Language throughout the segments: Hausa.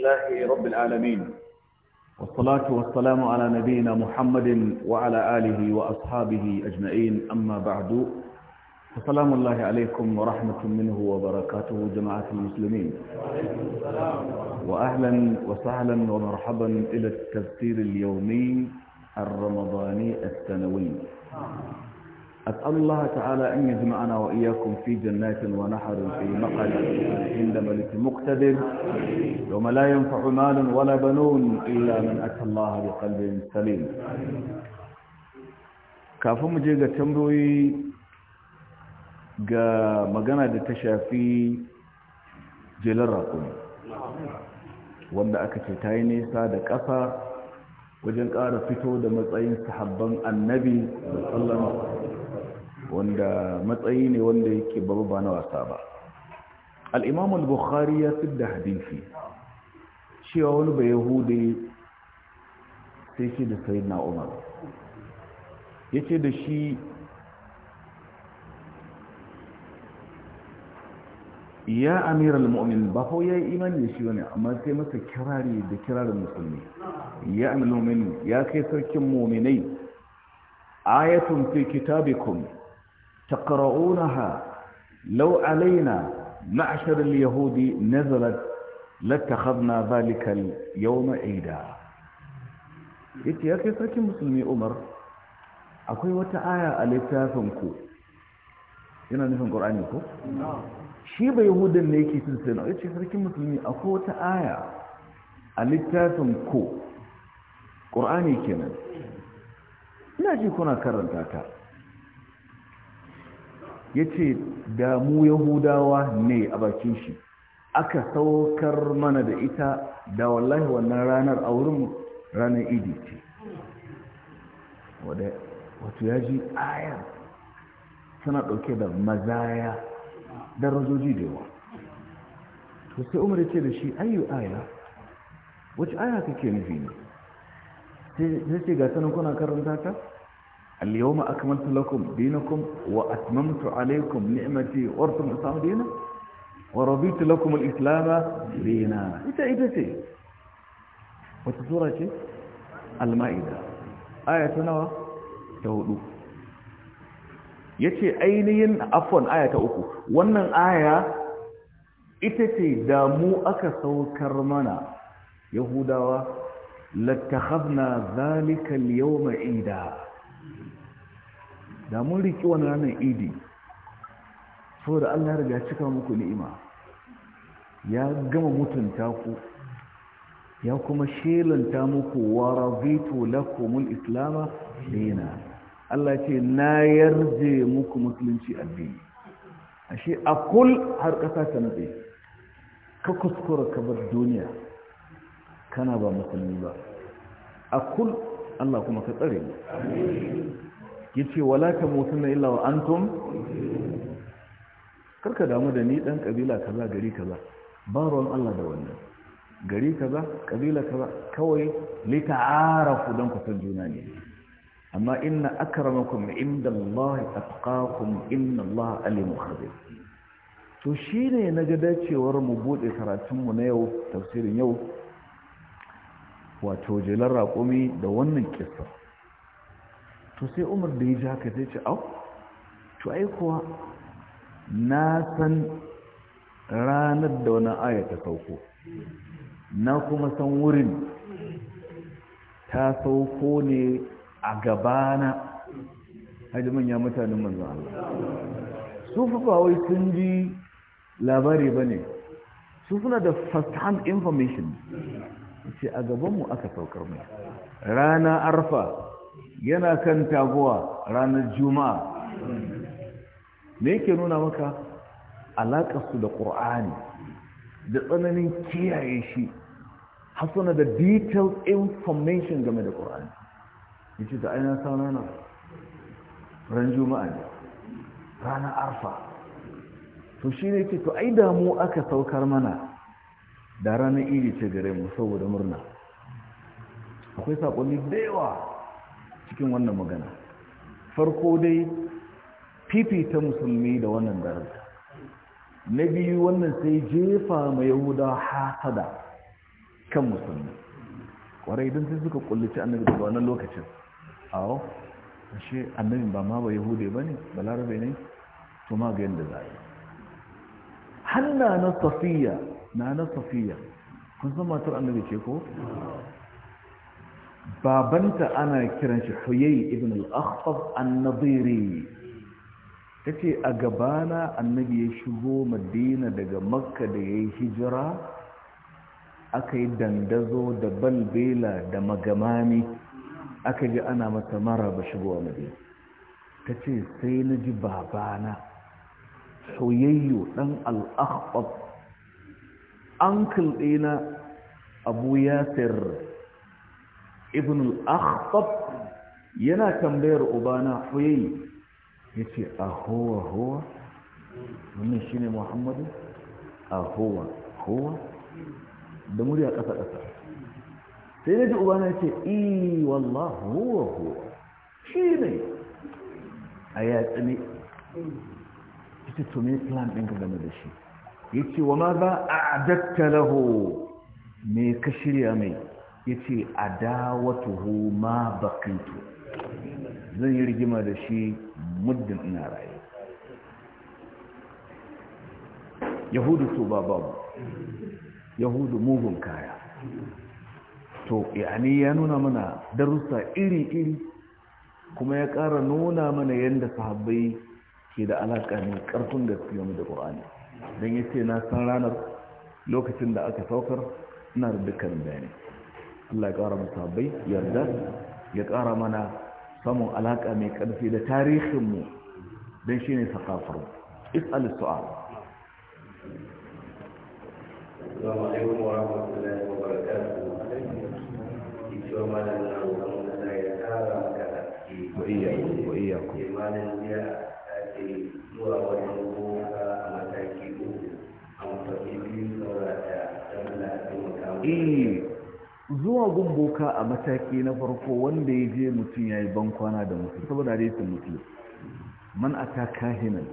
لله رب العالمين والصلاة والسلام على نبينا محمد وعلى آله وأصحابه أجمعين أما بعد فسلام الله عليكم ورحمة منه وبركاته جماعة المسلمين وأهلا وسهلا ومرحبا إلى التفسير اليومي الرمضاني السنوي أسأل الله تعالى أن يجمعنا وإياكم في جنات ونحر في مقعد عند ملك مقتدر يوم لا ينفع مال ولا بنون إلا من أتى الله بقلب سليم كافو مجيغة تمروي غا مغانا دي تشافي جلر راقون وانا أكتل تايني سادة كفا وجنقار فتو دمتعين سحبان النبي صلى الله عليه وسلم wanda matsayi ne wanda yake babu ba na wasa ba al'imam al-bukhari ya da hadisi cewa wani bai yahudi sai ce da sayi na umar ya ce da shi ya amir al-mu'min ba ko ya yi imani da shi wani amma sai masa kirari da kirarin musulmi ya amir al-mu'min ya kai sarkin mu'minai ayatun fi kitabikum تقرؤونها لو علينا معشر اليهود نزلت لاتخذنا ذلك اليوم عيدا yake ya kai sarkin musulmi umar akwai wata aya a littafinku yana nufin ƙorani ko? shi ba yahudan ne yake sun sai na yace sarkin musulmi akwai wata aya a littafin ko ƙorani kenan ina ji kuna karanta ta Yace ce damu yahudawa ne a bakin shi aka saukar mana da ita da wallahi wannan ranar a wurin ranar idi ce wato ya ji ayar suna ɗauke da mazaya darajoji da yawa to sai umar ce da shi ayyu aya wacce aya kake nufi ne sai ce ga sanin kuna karanta ta اليوم أكملت لكم دينكم وأتممت عليكم نعمتي وارتم الإسلام دينا ورضيت لكم الإسلام دينا إيه إيه وتسورة المائدة آية نوى تهدو yace ainihin afwan aya ta uku wannan aya ita ce da mu aka saukar mana yahudawa lattakhadna zalika al-yawma ida da mun riƙi wani ranar idi saboda allah riga cika muku ni'ima ya gama mutunta ku ya kuma shelanta muku wa razitu lakumul islama dina allah ce na yarje muku musulunci addini ashe a kul har ƙasa ta nutse ka kuskura ka bar duniya kana ba musulmi ba a kul Allah kuma ka tsare mu yace wala tamutunna illa wa antum karka damu da ni dan kabila kaza gari kaza ba Allah da wannan gari kaza kabila kaza kawai lita'arafu dan ku san juna ne amma inna akramakum indallahi atqakum inna Allah alimul khabir to shine naga dacewar mu bude karatun mu na yau tafsirin yau wato jelar raƙumi da wannan kisa to sai umar da ya ji haka zai ce au to ai kuwa na san ranar da wani aya ta sauko na kuma san wurin ta sauko ne a gabana hajji manya mutanen manzan Allah su fi wai sun ji labari ba ne su suna da first hand information ce a gabanmu aka saukar mai rana arfa yana kan taguwa ranar juma'a me yake nuna maka alaƙarsu da ƙur'ani da tsananin kiyaye shi Hasana da detailed information game da ƙur'ani ya ce da aina sana ran juma'a ne Rana arfa to shi ne ke to ai damu aka saukar mana da ranar iri ce gare mu saboda murna akwai saƙonni da yawa cikin wannan magana farko dai fifita musulmi da wannan daraja na biyu wannan sai jefa ma yahuda hasada kan musulmi kwarai don sai suka kullici annabi da wannan lokacin awo ashe annabin ba ma ba yahude ba ne balarabe ne to ma ga yadda za yi hanna na safiya na na safiya kun san matar annabi ce ko babanta ana kiran shi huyay ibn al-akhfab an-nadiri tace a gabana annabi ya shigo madina daga makka da yayi hijira aka yi dandazo da balbela da magamami aka ji ana mata maraba shigowa madina tace sai na ji babana huyayyo ɗan al'akhbab uncle ɗina abu yasir ibn al'akhbab yana tambayar ubana soyayyo ya ce a huwa howa wannan shi ne muhammadu a huwa da murya ƙasa-ƙasa sai na ji ubana ya ce iya e, wallah huwa howa shi ne a yatsi ne ita to me plan ɗin ka game da shi ya ce wa ma za a adatta lahu me ka shirya mai ya ce a dawatuhu ma bakintu zan yi rigima da shi muddin ina raye yahudu su ba babu yahudu mugun kaya to yani ya nuna mana darussa iri-iri kuma ya ƙara nuna mana yadda sahabbai ke da alaƙa ne ƙarfin gaske game da ƙur'ani don ya ce na san ranar lokacin da aka saukar ina da dukkanin bayani Allah ya ƙara musabbai yarda ya ƙara mana samun alaƙa mai ƙarfi da tarihinmu don shi ne saƙafar is'al zuwa wajen goma a mataki uku a mataki biyu saura ɗaya don Allah ya taimaka eh, zuwa gumboka a mataki na farko wanda ya je mutum ya yi bankwana da mutum saboda da sun mutu man a aka kahinan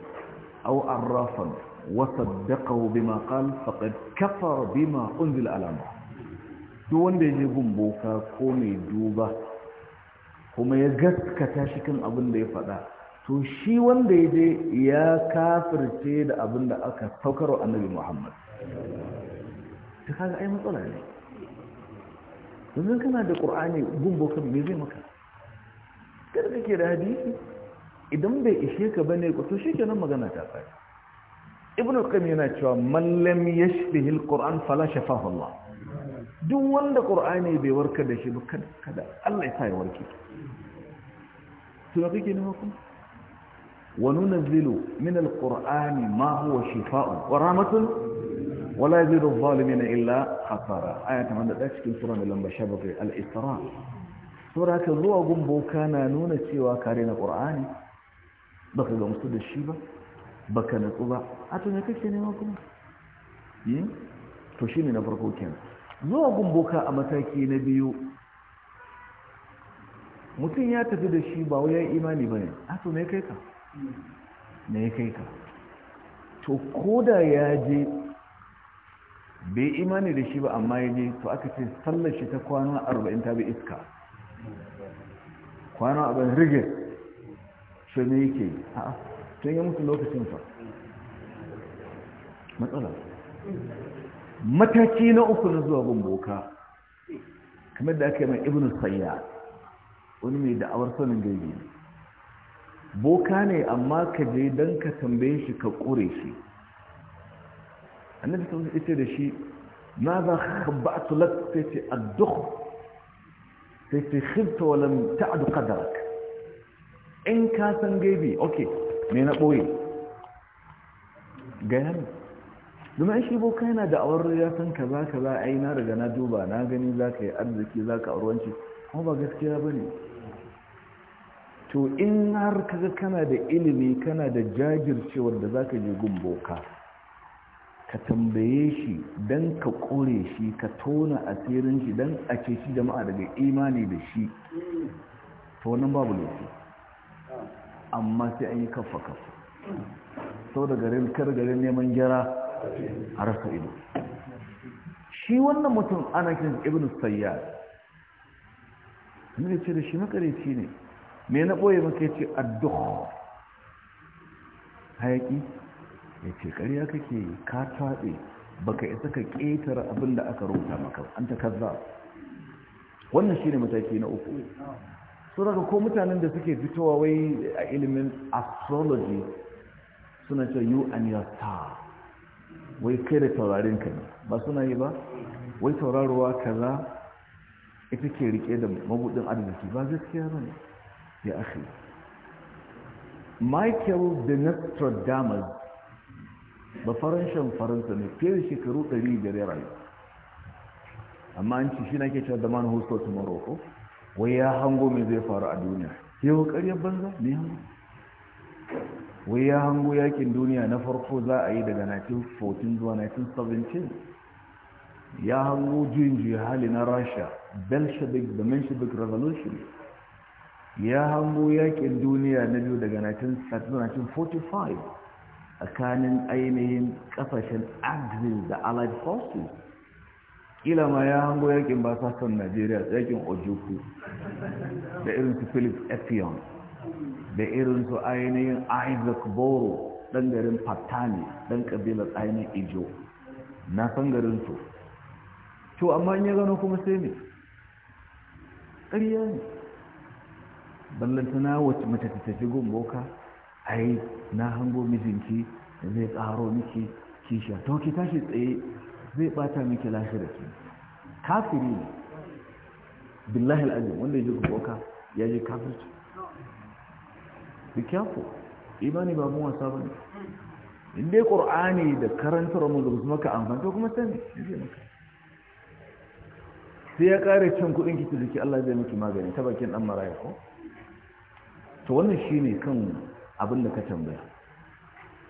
au an rafan arrafan wasaddaqahu bima qala faqad kafara bima unzila alama duk wanda ya je gumboka ko mai duba kuma ya gaskata shi kan abin da ya faɗa so shi wanda ya je ya kafirce da abin da aka wa annabi muhammad ta kaga ai matsala ne yanzu kana da ƙur'ani gumbokan me zai maka kada kake da hadisi idan bai ishe ka ba ku to kenan magana ta tsaya ibnu qayyim yana cewa man lam yashbihi alquran fala shafahu allah duk wanda qur'ani bai warkar da shi ba kada Allah ya sa ya warke to kake ne kuma? وننزل من القرآن ما هو شفاء ورحمة ولا يزيد الظالمين إلا خسارة آية من ذلك سورة لما شبط الإسراء سورة الزوء قنبو كان نون سوى كارين القرآن بقي مصد الشيبة بكى نطبع أتو نكشن يوكم تشيني نفرقو كان zuwa gumboka a mataki na biyu mutum ya tafi da shi ba wai ya imani ba ne a to me kai ka ne ya kai ka to ko da ya je bai imani da shi ba amma ya je to aka ce sallar shi ta kwana arba'in ta bi iska kwana abin rigar. shi ne yake a tun yi mutu lokacin fa matsala mataki na uku na zuwa gumboka kamar da aka yi mai ibn sayya wani mai da'awar sanin gaibi boka ne amma ka je don ka tambaye shi ka ƙure shi annabi sun ita da shi na za ba a tulat sai ce adduk sai ce a duka da qadarak in ka san gaibi ok me na ɓoye gaya ne domin shi boka yana da awar ya san ka za ka za a yi na riga na duba na gani za ka yi arziki za ka auruwanci kuma ba gaskiya ba ne to in har kaga kana da ilimi kana da jajircewar da zaka je gumboka ka tambaye shi don ka kore shi ka tona asirin shi don a ce shi jama'a daga imani da shi to wannan babu laifi amma sai an yi kafa kafa sau da garin kar garin neman gyara a rasa ido shi wannan mutum ana kin ibn sayyad ne ce da shi makareci ne me na ɓoye maka ya ce addu'a hayaƙi ya ce ƙarya kake ka taɓe baka isa ka ƙetare abin da aka rubuta maka an ta kaza wannan shine mataki na uku su daga ko mutanen da suke fitowa wai a ilimin astrology suna ce you and your star wai kai da taurarin ka ne ba suna yi ba wai tauraruwa kaza ita ke rike da mabudin arziki ba gaskiya ba ne ya akhi michael de nostradamus ba faranshan faransa ne fiye da shekaru 100 da amma an ci shi na ke cewa da man hosto to morocco wai ya hango mai zai faru a duniya sai yau karyar banza ne hango wai ya hango yakin duniya na farko za a yi daga 1914 zuwa 1917 ya hango juyin juya hali na rasha bolshevik da menshevik revolution ya hango yakin duniya na biyu daga 1945 kanin ainihin kafashen Agnes da allied forces kila ma ya hango yakin basasan najeriya yakin ojuku da irin su philip effion da irin su ainihin isaac boro dan garin patani dan kabilar ainihin ijo na san garin su to amma ya gano kuma sai ne ƙarya ne ballantana wacce mace ta tafi gun boka yi na hango mijinki zai tsaro miki kisha to ki tashi tsaye zai bata miki lafiyarki kafiri ne billahi al'azim wanda ya ji boka ya ji kafirci be careful imani ba mu wasa bane inda dai qur'ani da karantar mu da maka amfani to kuma sani sai ya kare cin kudin ki tsiki Allah zai miki magani ta bakin dan maraya ko to wannan ne kan abin da ka tambaya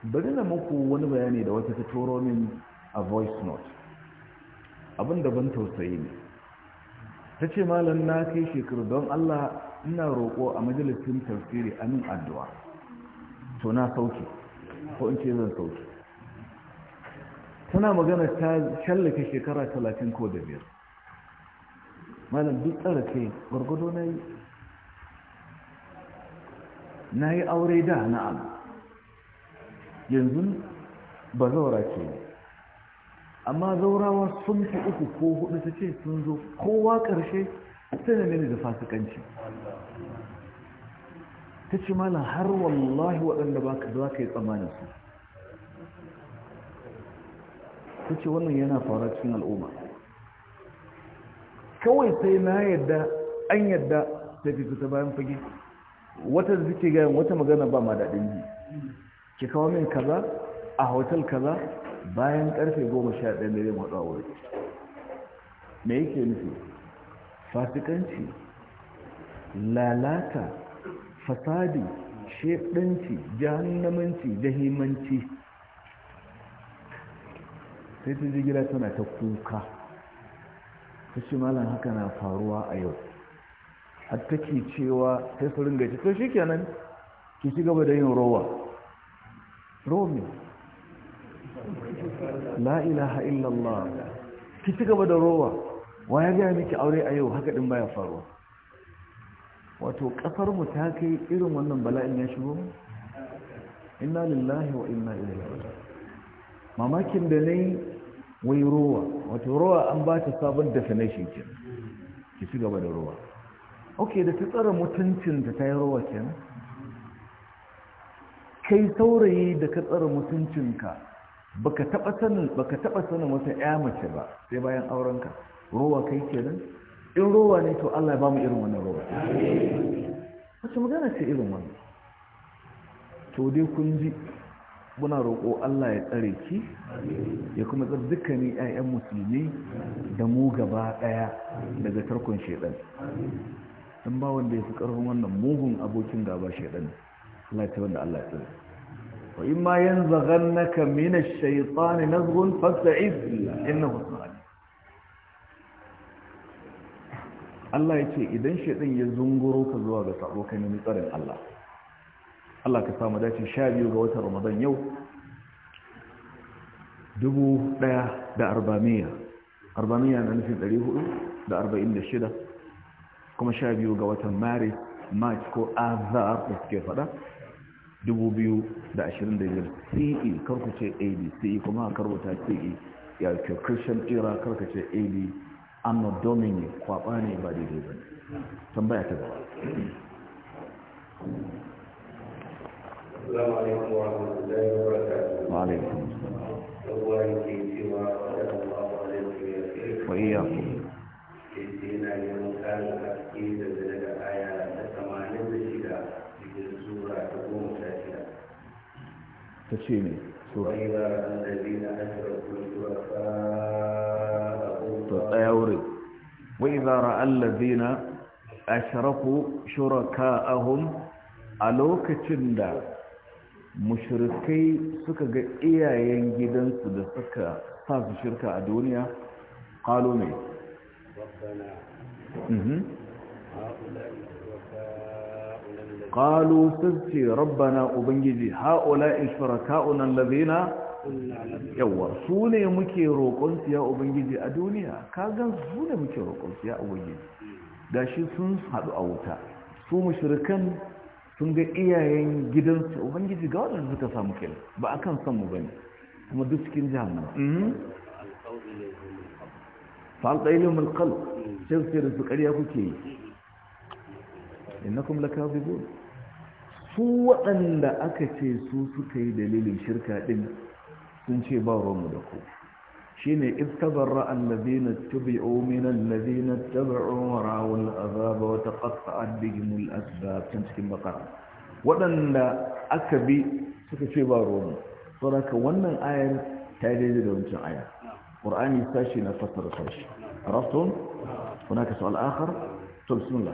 bari na muku wani bayani da wata ta turo min a voice note abin da ban tausayi ne ta ce malam na kai shekaru don allah ina roƙo a majalisun tafsiri amin addu'a to na sauke ko in ce zan sauke tana magana ta shallake shekara talatin ko da biyar malam duk tsara ce gwargwado na yi na yi aure da na'am yanzu ba zaura ke amma zaurawa sun fi uku ko hudu ta ce sun zo kowa ƙarshe sai da mini da fasikanci ta ce mana har wallahi waɗanda ba ka yi tsammanin su ta ce wannan yana fara cikin al'umma kawai sai na yadda an yadda ta fi ta bayan fage wata da suke gayan wata magana ba ma daɗin ji ki kawo min kaza a hotel kaza bayan karfe goma sha ɗaya da yin a wuri me yake nufi fasikanci lalata fasadi shaɗanci jahannamanci jahimanci sai ta ji gida tana ta kuka ta ce malam haka na faruwa a yau har ke cewa sai su ringa ce to shi kenan ki ci gaba da yin rowa romi la ilaha illallah ki ci gaba da rowa wa ya gaya miki aure a yau haka din baya faruwa wato kafar mu ta kai irin wannan bala'in ya shigo inna lillahi wa inna ilaihi raji'un mamakin da nayi wai rowa wato rowa an ba ta sabon definition ki ci gaba da rowa ok da ta tsara mutuncin da ta yi rawa kenan kai saurayi da ka tsara mutuncinka ka, taba sanin taba sanin wata ƴa mace ba sai bayan auren ka, rawa kai kenan in rawa ne to Allah ya bamu irin wannan rawa, wacce magana ce irin wannan to dai kun ji muna roƙo Allah ya tsare ki ya kuma tsar dukkanin ƴaƴan musulmi da mu gaba ɗaya daga tarkon shaidan dan ba wanda ya fi ƙarfin wannan mugun abokin gaba shaidan Allah ta wanda Allah ya tsare wa in ma yanzaghannaka min ash-shaytani nazghun fasta'iz billah innahu sami Allah ya ce idan shaidan ya zunguro ka zuwa ga sabo kai ne tsarin Allah Allah ka samu dace biyu ga watan Ramadan yau dubu ɗaya da arba miya, arba miya na nufin ɗari hudu da arba'in da shida kuma sha biyu ga watan maris march ko azar da suke fada 2025 e, ce e karkuce ad ce kuma e. karbuta ce ya ke christian era karkace ad anno domini kwaba ne ba daidai ba tambaya ta gaba السلام عليكم ورحمة الله وبركاته وعليكم السلام الله ta ce ne to tsaya wurin. wai zara allazina ashraku shuraka'ahum a lokacin da mushirikai suka ga iyayen gidansu da suka sa su shirka a duniya qalu ne qalu sabti rabbana ubangiji haula ishrakauna allazina yawa sune muke roƙon su ya ubangiji a duniya ka gan su muke roƙon su ya ubangiji gashi sun hadu a wuta su mushrikan sun ga iyayen gidan su ubangiji ga waɗanda suka samu kila ba akan kan san mu bane kuma duk cikin jahannama falqailu min qalb sai su ce da su ƙarya kuke yi innakum lakazibun su waɗanda aka ce su suka yi dalilin shirka ɗin sun ce ba ruwanmu da ku shi ne iska allazina Annabi na allazina tabi'u wa rawul azaba wa taqatta'at bihim al-asbab tun cikin baqara waɗanda aka bi suka ce ba ruwanmu saboda wannan ayar ta daidai da wancan aya Ƙur'ani sashi na fassara sashi arabtum hunaka al'akar akhar to bismillah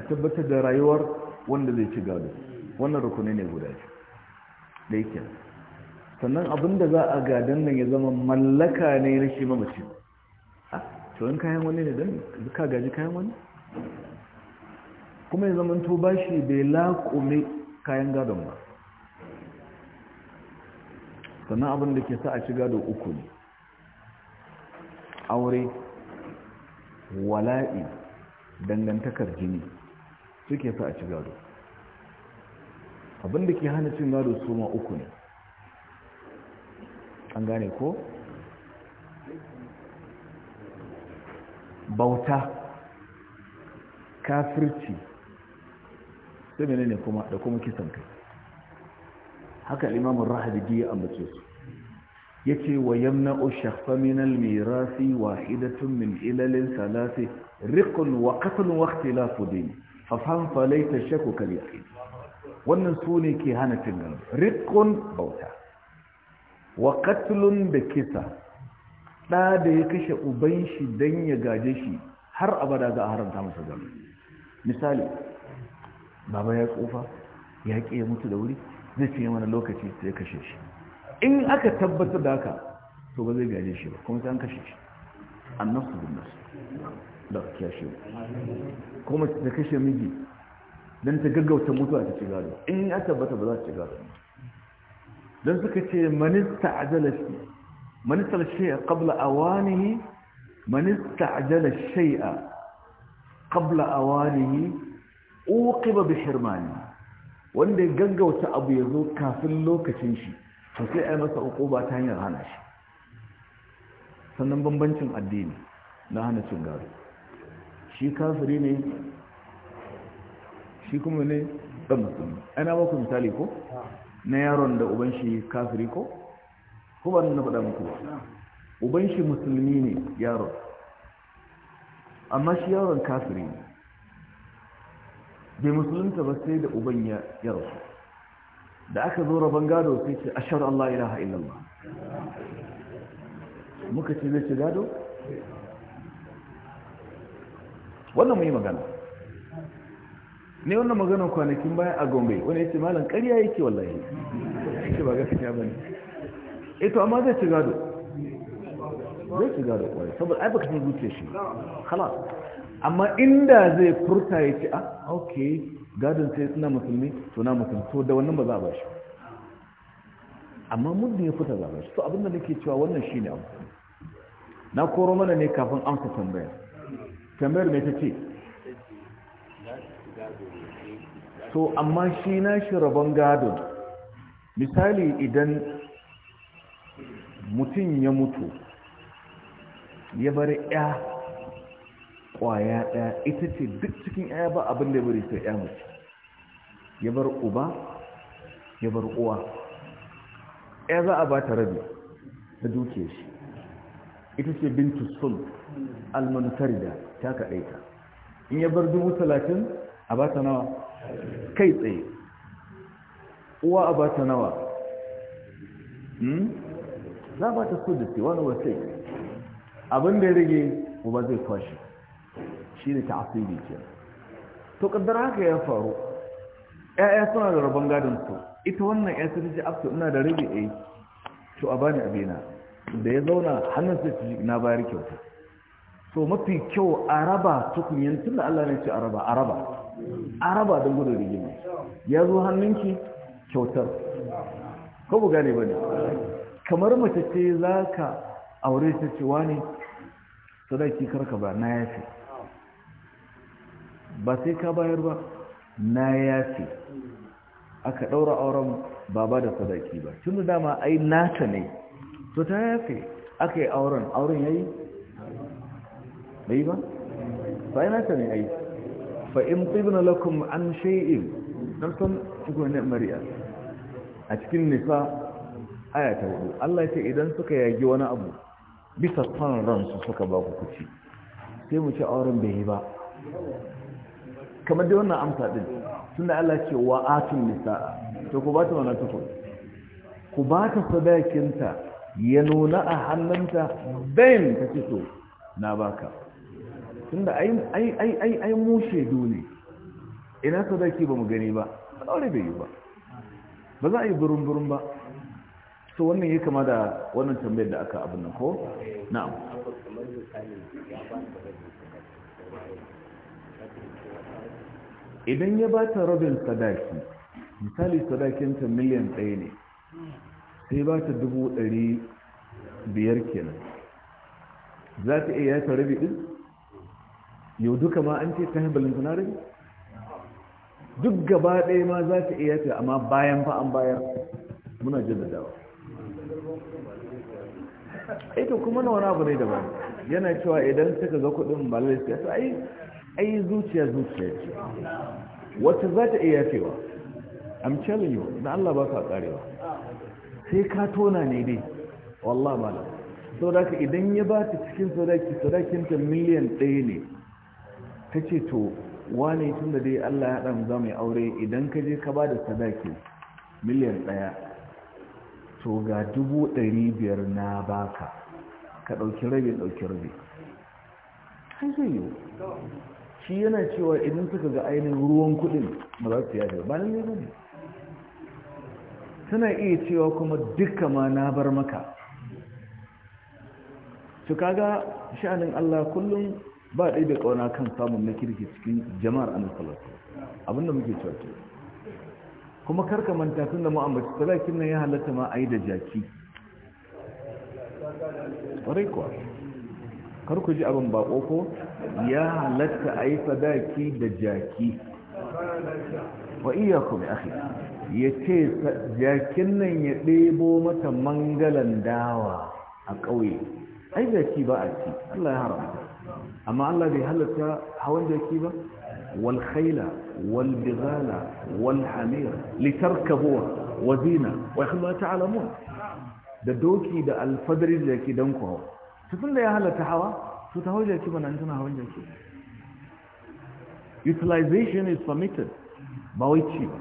a tabbatar da rayuwar wanda zai ci gado wannan rukuni ne guda da yake sannan abin da za a gadon nan ya zama mallaka ne na shi mamaci A, in kayan wani ne don ka gaji kayan wani kuma ya zama to ba shi bai laƙume kayan gadon ba sannan abin da ke sa a ci gado uku ne aure wala'i dangantakar jini suke sa a ci gado abinda ke hana cin gado su ma uku ne an gane ko bauta kafirci sai ne kuma da kuma kisan kai haka limamin rahabidi ya ambace su ya ce wa yamna ushakfa minal mirasi wahidatun min ilalin salasi rikon wa katon wakti lafudini? fafan falaita shaku kal yaqin wannan su ne ke hana cin gano rikon bauta wa katlun da kisa ɗa da ya kashe uban shi don ya gaje shi har abada za a haramta masa gano misali baba ya tsufa ya ya mutu da wuri zai ce mana lokaci sai ya kashe shi in aka tabbatar da haka to ba zai gaje shi ba kuma sai an kashe shi annasu bin nasu da kiyashe Kuma ta ta kashe miji don ta gaggauta mutuwa ta shiga gado in ya tabbata ba za ta ci gado don suka ce manista ajala shi manista shay'a qabla awanihi manista ajala shay'a qabla awanihi uqiba bi hirmani wanda ya gaggauta abu ya zo kafin lokacin shi to sai a yi masa ba ta hanyar hana shi sannan bambancin addini na hana cin gado shi kafiri ne shi kuma ne ɗan musulmi ana ba ku misali ko na yaron da uban shi kafiri ko kuma na faɗa muku uban shi musulmi ne yaron amma shi yaron kafiri ne bai musulunta ba sai da uban ya rasu da aka zo rabon gado sai ce ashar Allah ilaha illallah muka ce zai ci gado wannan mu yi magana ne wannan magana kwanakin baya a gombe wani yake malam ƙarya yake wallahi yake ba gaskiya ba ne eto eh, amma zai ci gado zai ci gado kwarai saboda ai baka san zuciya shi halas amma inda zai furta ya ce ah ok gadon sai suna musulmi to na musulmi to da wannan ba za a bashi amma muddin ya fita za a bashi to abinda nake cewa wannan shi ne abu na koro mana ne kafin amsa tambaya tambayar mai ta ce to amma shi na shi rabon gadon misali idan mutum ya mutu ya bari ya kwaya ɗaya ita ce duk cikin ya ba abin da ya bari sai ya mutu ya bar uba ya bar uwa ya za a ba ta rabi ta duke shi ita ce bintu sul almanutarida ta kaɗaita in ya bar dubu talatin a ba ta nawa kai tsaye uwa a ba ta nawa hmm? za ba ta so da ce wani wasai abin da ya rage uba zai kwashe shi ne ta asiri ke to kaddar haka ya faru ya'ya suna da rabon gadon su ita wannan ya ta ji abu ina da rage a eh. to a bani abina da ya zauna hannun sai na bayar kyauta so mafi kyau araba raba tukunyen tun da Allah ne ce araba, araba a raba a raba don gudun rigima ya zo hannunki kyautar ko bu gane ba ne kamar mace ce za ka aure ta cewa ne sadaki karka ba na yafi ba sai ka bayar ba na yafi aka ɗaura auren baba da sadaki ba tun da dama ai nata ne to ta yafi aka yi auren auren ya yi bai ba ba yana ta ne ai fa in tibna lakum an shay'in dan san cikin ne mariya a cikin nisa aya ta hudu Allah ya ce idan suka yagi wani abu bisa san ransu suka ba ku kuci sai mu ci auren bai yi ba kamar dai wannan amsa din tunda Allah ce wa atun nisa'a to ku ba ta wannan tukun ku ba ta sadakinta ya nuna a hannunta bayan ta fito na baka tunda ai ai ai ai mu shedu ne ina sadaki ba mu gani ba aure bai yi ba ba za a yi burin burin ba so wannan ya kama da wannan tambayar da aka abin nan ko na'am idan ya ba ta rabin sadaki misali ta miliyan ɗaya ne sai ba ta dubu ɗari biyar kenan za ta iya ta rabi ɗin yau duka ma an ce ta hibbalin kuna rabi duk gaba ɗaya ma za ta iya ta amma bayan fa an bayar muna jaddadawa aiki eh kuma na wani abu ne daban yana cewa idan suka ga kudin ba lalata su ai zuciya zuciya ce wata za ta iya cewa i'm telling you na Allah ba ka karewa sai ka tona ne dai wallah malam ka idan ya ba ta cikin sadaki ta miliyan ɗaya ne ta ce to wane tun da dai allah ya haɗa za mai aure idan ka je ka ba da sadaki miliyan ɗaya to ga dubu ɗari biyar na baka ka ɗauki rabi ɗauki rabi har zai yi shi yana cewa idan suka ga ainihin ruwan kudin ba za su yafe ba nan ne Tana suna iya cewa kuma duka ma na bar maka su kaga sha'anin Allah kullum ba ɗai da ƙauna kan samun na kirki cikin jama'ar annabi Salatu. abinda muke cewa kuma karka manta tun da mu'ammaci sadakin nan ya halatta ma a yi da jaki ƙwarai kuwa karku ji abin baƙo ko ya halatta a yi sadaki da jaki wa iya kuma ake? ya ce jakin nan ya ɗebo mata mangalan dawa a ƙauye ai jaki ba a ci Allah ya haramta amma Allah bai halatta hawan jaki ba wal khayla wal bighala wal hamir litarkabuha wa zina wa khalla ta'lamun da doki da alfadari da yake dan ku to tun da ya halatta hawa to ta hawan jaki ba nan tana hawan jaki utilization is permitted ba wai ci ba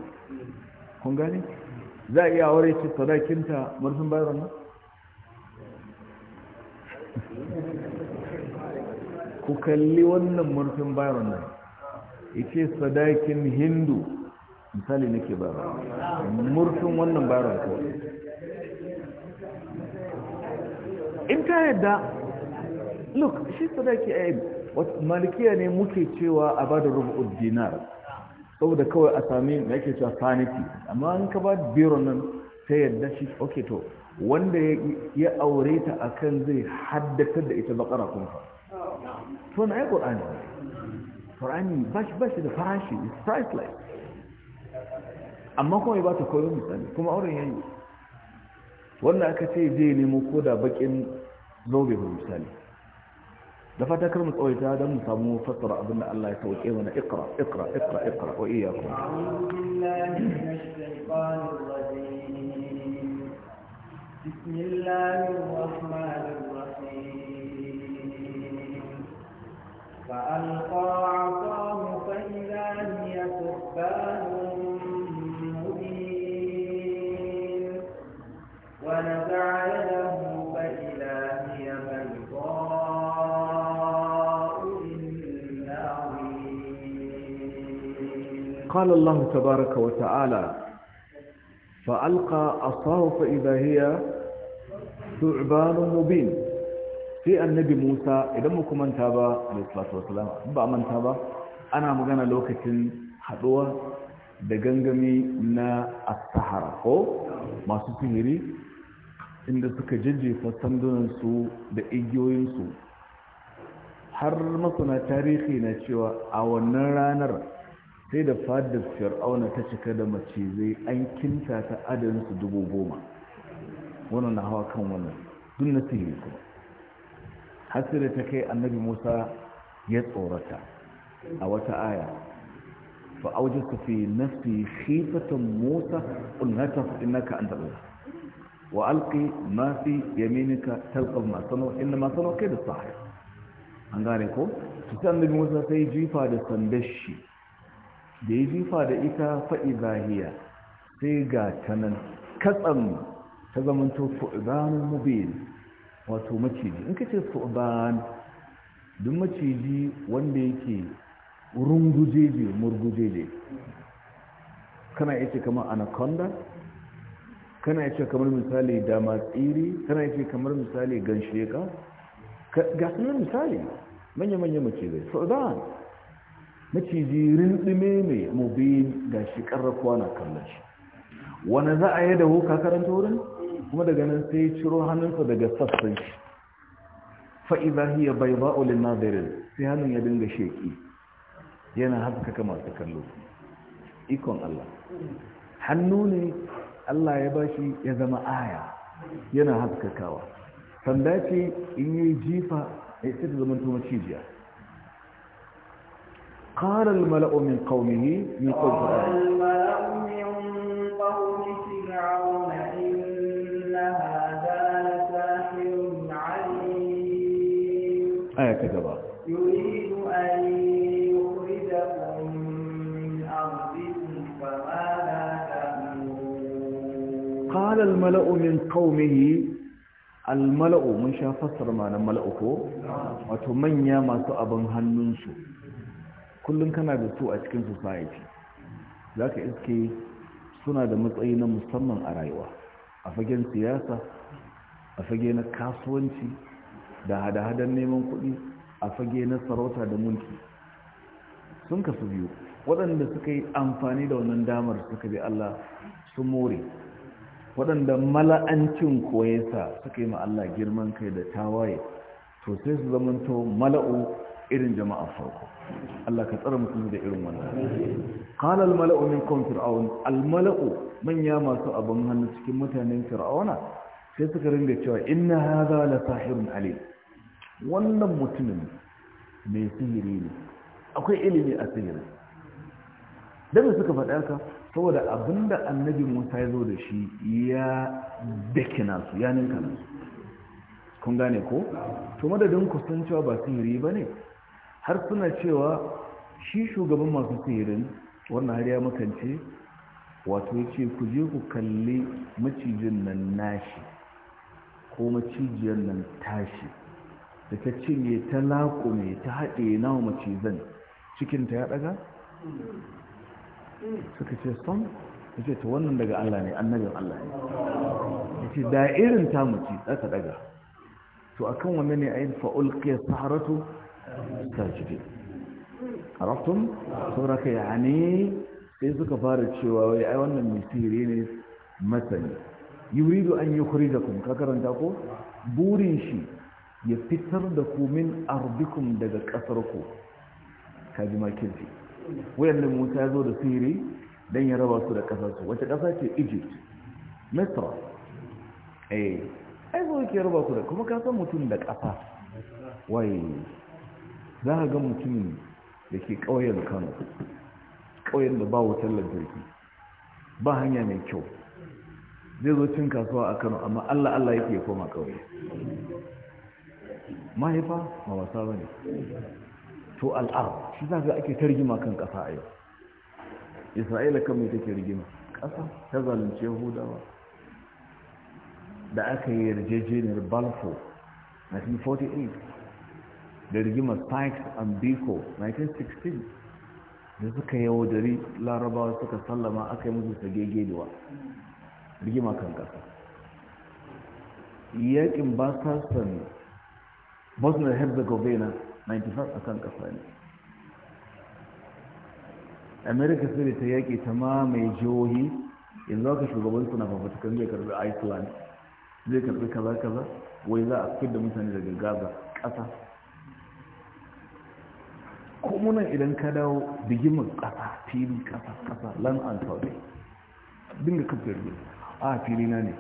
kun gane za a iya aure ci sadakinta murfin bayar nan ku kalli wannan murfin baron nan ce sadakin hindu misali nake ba murfin wannan baron ko in ta yadda look shi sadaki eh, a malikiya ne muke cewa a ba da rubu'ud dinar saboda kawai a sami da yake cewa sanity amma an ka ba biron nan ta yadda shi ok to wanda ya aure ta akan zai haddatar da ita bakara kuma to na yi ƙorani ƙorani ba shi da farashi it's priceless amma kuma ya ba ta koyon misali kuma auren yayi Wannan aka ce zai nemo ko da bakin zobe ba misali da fata kar mu tsawaita don mu samu fassara abin da Allah ya sauke mana ikra ikra ikra ikra wa iyyakum بسم الله الرحمن فألقى عصاه فإذا هي ثعبان مبين ونزع يده فإذا هي بيضاء للناظرين قال الله تبارك وتعالى فألقى عصاه فإذا هي ثعبان مبين sai annabi musa idan mu manta ba alaihi ba manta ba ana magana lokacin haduwa da gangami na as-sahara ko masu sihiri inda suka jajjefa sandunansu da igiyoyinsu har masana tarihi na cewa a wannan ranar sai da fadar fir'auna ta cika da macizai an kinta ta adadinsu dubu goma wannan na hawa kan wannan dun na sihiri kuma har ta kai annabi musa ya tsorata a wata aya fa su fi nafsi khifatan musa unnata innaka anta allah wa alƙi ma fi yaminika talqab masano, sanu inna ma kai da sahih an gane ko to sai annabi musa sai jifa da sandashi da ya jifa da ita fa'i zahiya sai ga ta tanan katsan ta zamanto fu'danun mubin wato maciji in ka ce su'ban duk maciji wanda yake rungujeje murgujeje kana yace kamar anaconda kana yace kamar misali dama tsiri kana yace kamar misali gansheka ga sunan misali manya-manya macizai su'ban maciji rindime mai mubin ga shi karra na kallon shi wani za a yi da wuka karanta wurin kuma daga nan sai ciro hannunsa daga sassan shi fa'iza ya bai ba'ulin nadirin sai hannun ya dinga sheƙi yana haskaka masu kallo ikon Allah hannu ne Allah ya bashi ya zama aya yana haskakawa sanda ce in yi jifa ya sai ta zama tuma cijiya قال الملأ من قومه من قوم فرعون ta gaba قال الملأ من قومه الملأ من شاء فسر معنى ko wato manya masu abin hannunsu kullum kana da su a cikin society zaka iske suna da matsayi na musamman a rayuwa a fagen siyasa a fage na kasuwanci da hada-hadar neman kuɗi a fage na sarauta da mulki sun kasu biyu waɗanda suka yi amfani da wannan damar suka bi Allah su more waɗanda mala'ancin koyesa suka yi ma Allah girman kai da tawaye to sai su zamanto mala'u irin jama'a farko Allah ka tsara mutum da irin wannan qala al mala'u qawm fir'aun al mala'u manya masu abin hannu cikin mutanen fir'auna sai suka ringa cewa inna hadha la sahirun alim wannan mutumin mai sihiri ne akwai ilimi a sihiri da suka faɗa ka saboda abinda annabi musa ya zo da shi ya dakina su ya ninka nasu kun gane ko to madadin kusan cewa ba sihiri ba ne har suna cewa shi shugaban masu sihirin wannan har ya makance wato ya ce ku je ku kalli macijin nan nashi ko macijiyar nan tashi da ta cinye ta laƙume ta haɗe nawa macizan cikinta ya ɗaga? suka ce son ya ce ta wannan daga Allah ne annabin Allah ne ya ce da irin ta mace ɗaka ɗaga to a kan wannan ne a yin fa'ulƙiyar saharatu ta jide a raftun sauraka ya ne sai suka fara cewa wai ai wannan misiri ne masani yuridu an yi kuri da kuma ka karanta ko burin shi ya fitar da ku min ardikum daga kasar ku kaji makirci wayannan musa ya zo da sihiri don ya raba su da kasar su wace kasa ce egypt misra eh ai zo yake raba ku da kuma kasar mutum da kasa wai za ka ga mutumin da ke ƙauyen kano ƙauyen da ba wutar lantarki ba hanya mai kyau zai zo cin kasuwa a kano amma allah allah yake koma ƙauye mahaifa ba wasa ba ne to al'ar shi za ga ake rigima kan ƙasa a yau isra'ila kan mai take rigima ƙasa ta zalunce yahudawa da aka yi yarjejeniyar balfour 1948 da rigima spikes and biko 1916 da suka dari larabawa suka sallama aka yi musu sagegewa rigima kan ƙasa yakin ba bosnia herzegovina 95 a kan ƙasa ne america sai ta yaƙi ta mamaye jihohi yanzu aka shugaban suna fafatakan zai karbi iceland zai karbi kaza kaza wai za a fitar da mutane daga gaza ƙasa kuma idan ka dawo bigimin ƙasa fili ƙasa ƙasa lan an saurai dinga kafin a fili na ne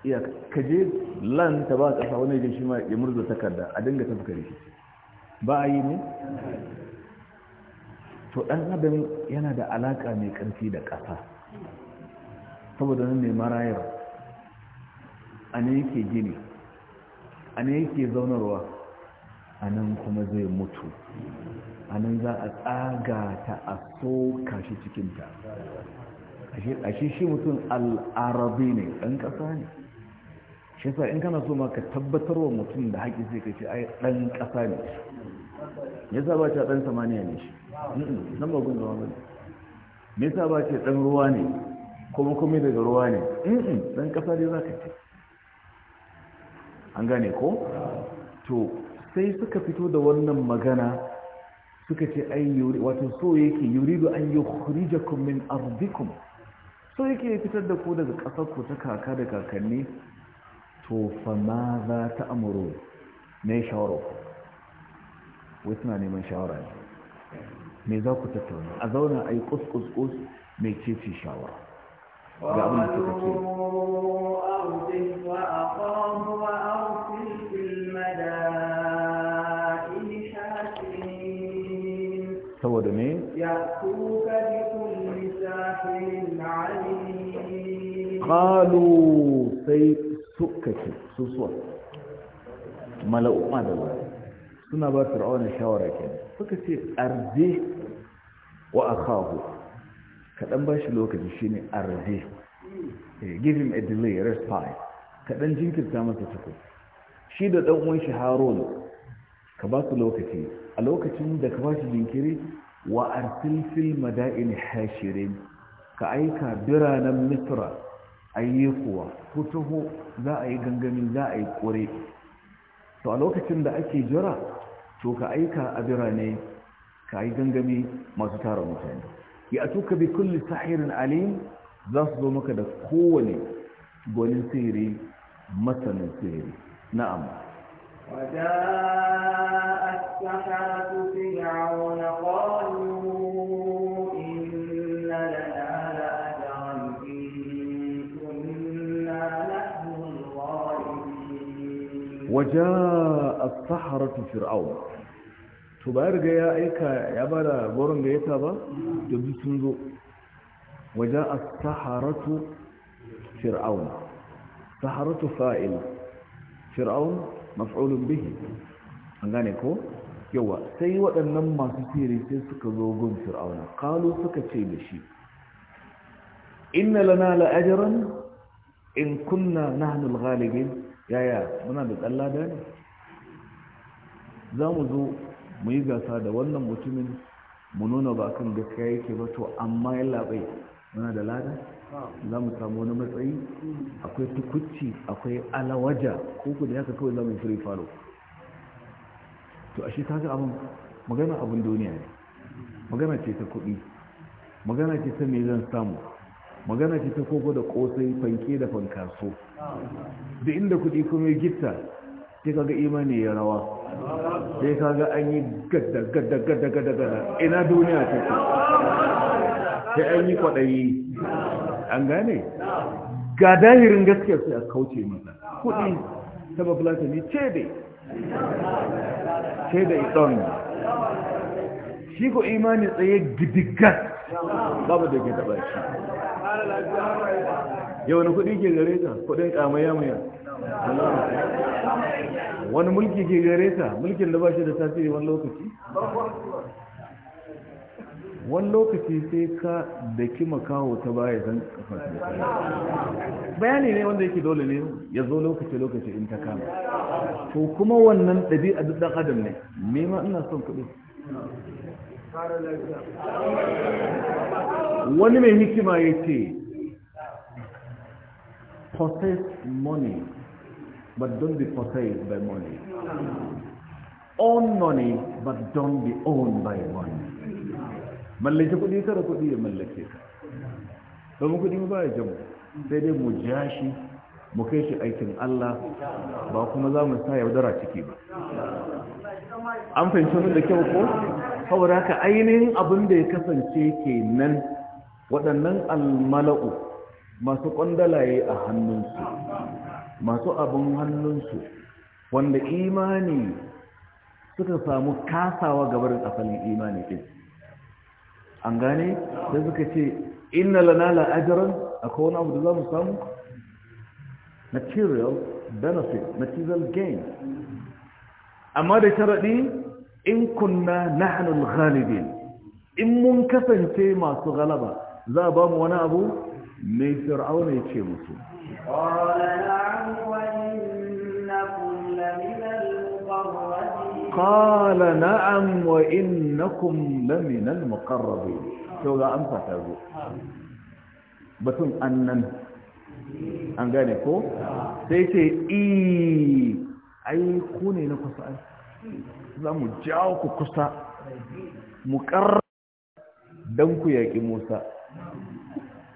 iya kaje lan ta ba ƙasa wani yake shi ma ya murza takarda a dinga tafkari ba a yi ne to dan adam yana da alaka mai ƙarfi da ƙasa saboda nan ne marayar a ne yake gini a ne yake zaunarwa a nan kuma zai mutu a nan za a tsaga ta a so shi cikinta ashe shi mutum al'arabi ne ɗan ƙasa ne shi sa in kana so ma ka tabbatar wa mutum da haƙi sai ka ce ai ɗan ƙasa ne ya sa ba ce ɗan samaniya ne shi nan ba gun zama ba ne me yasa ba ce ɗan ruwa ne kuma kuma daga ruwa ne ɗan ƙasa ne za ka ce an gane ko to sai suka fito da wannan magana suka ce ai wato so yake yuridu an yi yukhrijakum min ardikum so yake fitar da ku daga ƙasar ku ta kaka da kakanni to fa ma za ta amuru ne shawara wai suna neman shawara ne me za ku tattauna a zauna a yi kus-kus-kus mai ce ce shawara ga abin da suka ce saboda ne قالوا sai sukkake susuwa mala'uma da ba suna ba fir'auna shawara kenan suka ce arzi wa akahu kaɗan ba shi lokaci shine arzi. give him a delay respite kaɗan jinkirta masa cikin shi da uwan shi harun ka ba su lokaci a lokacin da ka ba shi jinkiri wa artilfil mada'in hashirin ka aika biranen mitra. ayi kuwa fituhu za a yi gangami za a yi kore to a lokacin da ake jira to ka aika a birane ka yi gangami masu tara mutane ya tuka bi kulli sahirin alim za su zo maka da kowane gwanin sihiri masanin sihiri na'am وجاء السحرة فرعون قالوا وجاء الصحرة فرعون تبار جاء ايكا يا بارا غورن جيتا با دبي وجاء الصحرة فرعون صحرة فاعل فرعون مفعول به عندني كو يوا سي ودنن ما سيري فرعون قالوا سكا تشي مشي ان لنا لاجرا ان كنا نحن الغالبين yaya muna da tsalla da ne za mu zo mu yi gasa da wannan mutumin mu nuna ba kan gaskiya yake ba to amma ya labai muna da lada za mu samu wani matsayi akwai tukuci akwai alawaja ko ku da haka kawai za mu yi falo to ashe kaga abin magana abin duniya ne magana ce ta kuɗi magana ce ta me zan samu magana ce ta koko da kosai fanke da fankaso da inda kuɗi kuma ya gita sai kaga imani ya rawa sai kaga an yi gadda gadda gadda ina duniya ce? sai an yi kwaɗayi an gane ga dahirin gaskiya sai a kauce masa kuɗi ta babulata ne ce dai ce da idon shi ko imani tsaye gidigar babu da ke taɓa shi yau wani kudi ke gare ta kudin kamaya maya wani mulki ke gare ta mulkin da ba shi da tasiri wani lokaci wani lokaci sai ka da kima kawo ta baya zan kafar bayani ne wanda yake dole ne ya zo lokaci-lokaci in ta kama to kuma wannan ɗabi'a duk ɗan adam ne nema ina son kuɗi wani mai hikima ya ce possess money but don't be possessed by money own money but don't be owned by money mallake kudi kada kudi ya mallake ka domin kudi ba ya jamu sai dai mu ja shi mu kai shi aikin Allah ba kuma za mu sa yaudara ciki ba an fahimci da kyau ko saboda ka ainihin abin da ya kasance kenan waɗannan almala'u masu ƙwandalaye a hannunsu masu abin hannunsu wanda imani suka samu kasawa gabarin asalin imani ɗin an gane sai suka ce inna lana la'ajaran a wani abu da za mu samu material benefit material gain amma da sharaɗi in kunna nahnu al-ghalibin in mun kasance masu galaba za a ba mu wani abu mai fir'auna ya ce mutu qala na'am wa innakum lamina al-muqarrabin to ga amsa ta zo batun annan an gane ko sai ce i e, ai ku ne na kusa za mu jawo ku kusa mu karra don ku yaƙi musa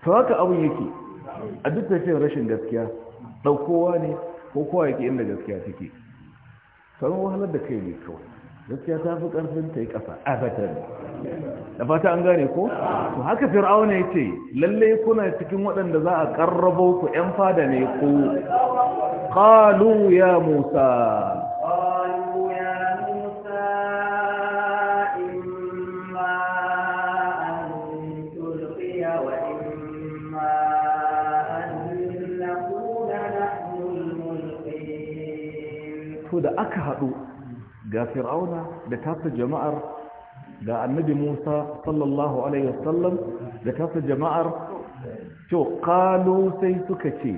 to haka abin yake a duk da tafiyar rashin gaskiya daukowa ne ko kowa yake inda gaskiya take sauran wahalar da kai ne kawai gaskiya ta fi ƙarfin ta yi ƙasa a fatar da fata an gane ko? to haka fir'auna ya ce lallai kuna cikin waɗanda za a ƙarrabo ku 'yan fada ne ko ƙalu ya musa da aka haɗu ga fir'auna da tasa jama'ar ga annabi musa sallallahu alaihi wasallam da tasa jama'ar to kalo sai suka ce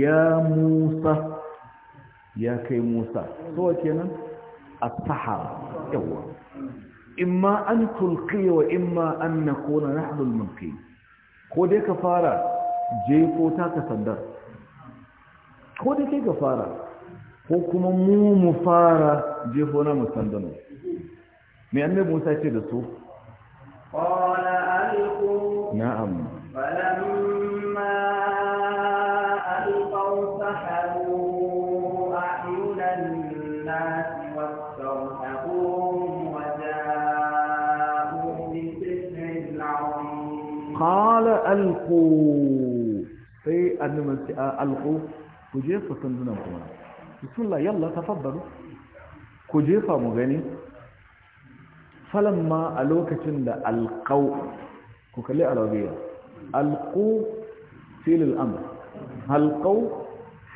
ya musa ya kai musa so kenan as-sahara yawa imma an tulqi wa imma an nakuna nahnu al-mulqi ko dai ka fara jefo ta ka sandar ko dai kai ka fara ko kuma mu mu fara jefo na musandano mai annabi musa ce da su qala alqu na'am falamma alqaw saharu a'yunan nas wastawhaquhum wa ja'u bi sihrin 'azim qala alqu sai annabi alqu ku jefa sandunan kuma bismillah yalla tafaddalu ku jefa mu gani falamma a lokacin da alqau ku kalli arabiya alqu fi'l al-amr alqau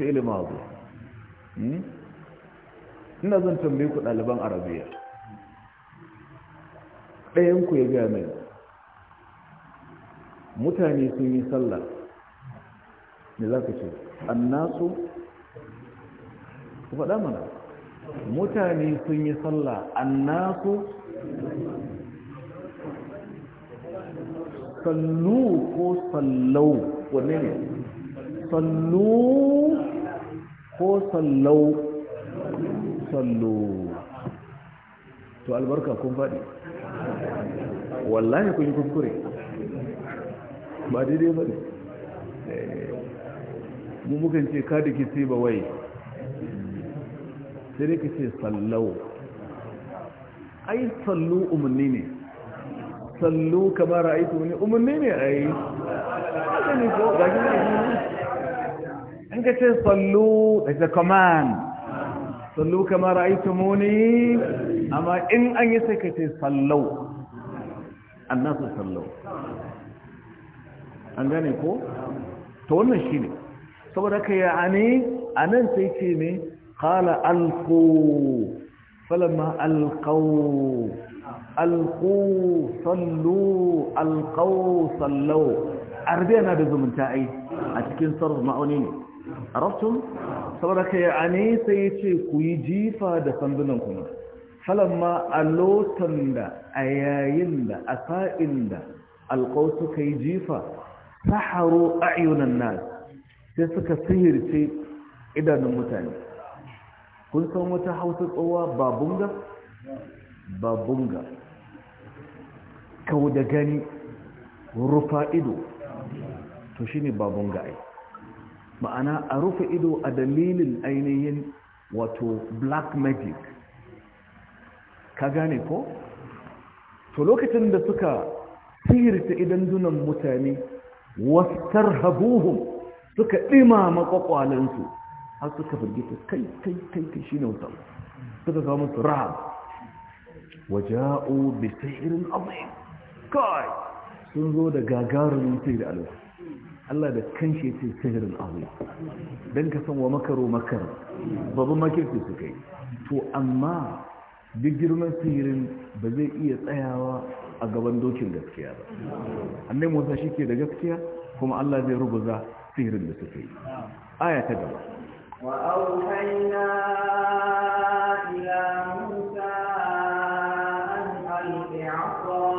fi'l madhi hmm? ina zan tambaye ku ɗaliban arabiya ɗayan ku ya gaya mai mutane sun yi sallah da za ka ce annasu ku faɗa mana mutane sun yi sallah annasu sallu ko sallau wanne ne sallu ko sallau sallu to albarka kun faɗi wallahi kun yi kuskure ba daidai ba ne eh, mu mukan ce ka da ke ba wai sai dai ka ce sallau ai sallu umarni ne sallu kamar ra'aitu ne umarni ne ai ne ko ba ki an ka ce sallu it's a command sallu kamar ra'aitu muni amma in an yi sai ka ce sallau annasu sallau an gane ko to wannan shine saboda ka yi a ne sai ce ne قال ألقوا فلما ألقوا ألقوا صلوا ألقوا صلوا أردينا بزمن تاعي أتكين صرف معونيني عرفتم؟ صبرك يعني سيتي كويجي فهذا صندنكم فلما ألو تند أيايل أسائل ألقوا سكيجي فسحروا أعين الناس تسك سهر شيء إذا نمتاني kun san wata hausa tsowa Babunga? Babunga. kawo da gani rufa ido to shi ne Babunga ai ma'ana a rufe ido a dalilin ainihin wato black magic ka gane ko to lokacin da suka sihirta idan dunan mutane wasu tarhabuhun suka ɗimama ƙwaƙwalensu har suka firgita kai kai kai kai shine wuta suka kawo musu rahab waja'u bi sa'irin azim kai sun zo da gagarumin sai da alwa Allah da kanshi ce sa'irin azim dan ka san wa makaro makar babu makirci su kai to amma duk girman sihirin ba zai iya tsayawa a gaban dokin gaskiya ba annai musa shi ke da gaskiya kuma allah zai rubuza sihirin da suka yi aya ta gaba وأوحينا إلى موسى أن ألق عصا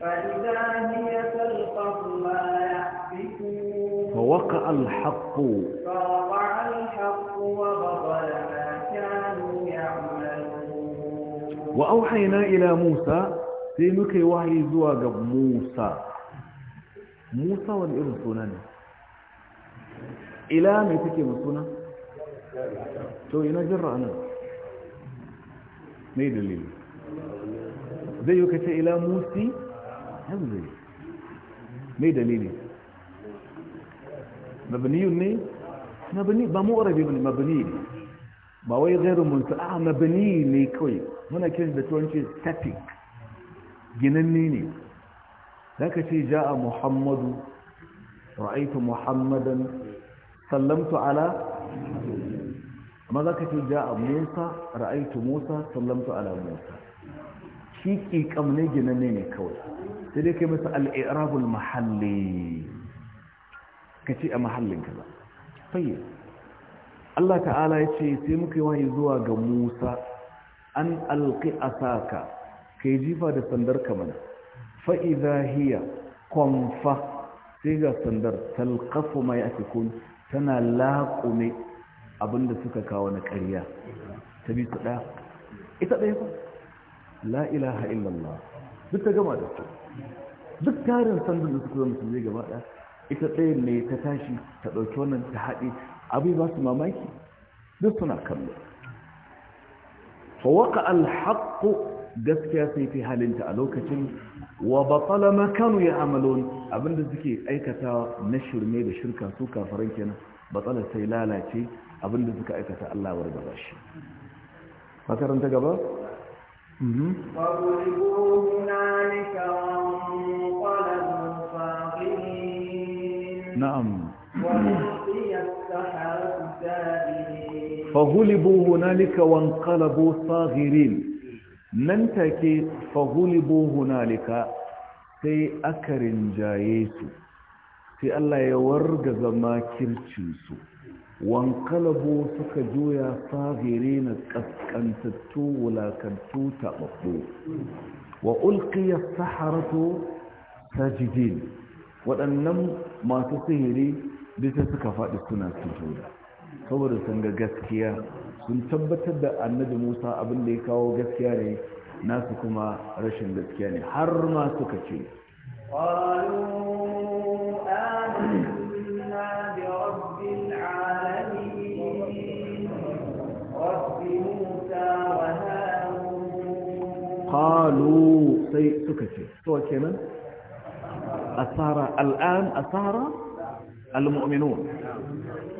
فإذا هي تلقف ما يحفكون فوقع الحق فوقع الحق وبطل ما كانوا يعملون وأوحينا إلى موسى sai muka yi wahayi موسى ga musa musa ila mai take masuna to ina jin ra'anar mai dalili zai yi kace ila musi yanzu zai mai dalili mabaniyun ne mabani ba mu'arabi ne mabani ne ba wai gairin munsa a mabani ne kawai muna kiran da turanci static ginanne ne da ka ce ja'a muhammadu ra'aitu muhammadan سلمت على ماذا جاء موسى رأيت موسى سلمت على موسى شيء كم نجي نني كول تلك مثل الإعراب المحلي كتي محل كذا طيب الله تعالى يشي سيمك وهي موسى أن ألقي أساك كي جيفا دي صندر كمان فإذا هي قنفة سيجا صندر تلقف ما يأتي tana laƙume abinda suka kawo na karya ta bi su ɗaya ita ɗaya ba la ilaha illallah duk ta gama da su duk tarin sandun da suka zama su zai gaba ɗaya ita ɗaya ne ta tashi ta ɗauki wannan ta haɗe abu ba su mamaki duk suna kallo fa waka alhaƙo gaskiya sai fi halinta a lokacin wa batala ma kanu ya'malun abinda suke aikatawa na shirme da shirka su kafiran kenan batsala sai lalace abinda suka aikata Allah ya wargaza shi makaranta gaba نعم فغلبوا هنالك وانقلبوا صاغرين nan take fahulibo hunalika sai aka rinjaye su sai Allah ya warga zama kircinsu wankalabo suka juya sagire na ƙasƙantattu wulakantu taɓaɓɓo wa ulkiya saharato sajidin waɗannan masu sihiri bisa suka faɗi suna sujuda saboda sun ga gaskiya sun tabbatar da annabi musa abin da ya kawo gaskiya ne nasu kuma rashin gaskiya ne har ma suka ce قالوا سي سكتي سوى كمان al'an الآن أثار المؤمنون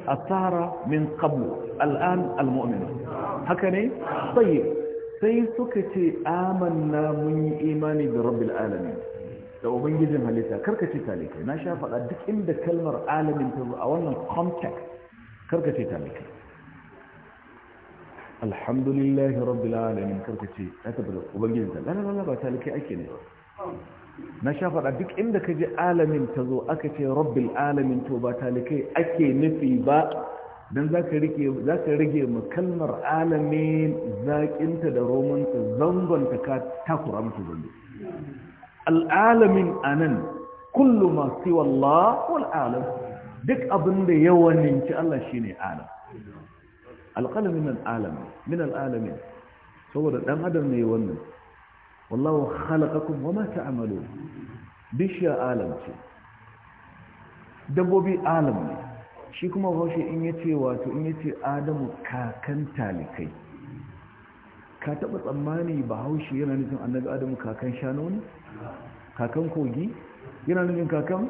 asara min qablu al'an almu'minu haka ne tayyib sai suka ce amanna mun yi imani da rabbil alamin da ubangijin halitta karka ce talikai na sha duk inda kalmar alamin ta zo a wannan context karka ce talikai alhamdulillahi rabbil alamin karka ce ake na shafaɗa duk inda ka ji alamin ta zo aka ce rabbil alamin to ba talikai ake nufi ba don za ka rage makalmar alamin zaƙinta da romanta zangonta ka takura musu zango al'alamin a nan kullu masu wallah wal'alam duk abin da yawaninci Allah shi ne alam alƙalamin min al'alamin saboda ɗan adam ne wannan wallahu khalaqakum wama ta'malun bishiya alam ce dabbobi alam ne shi kuma haushe in yace wato in yace adamu kakan talikai ka taba tsammani ba haushe yana nufin annabi adamu kakan shanu ne kakan kogi yana nufin kakan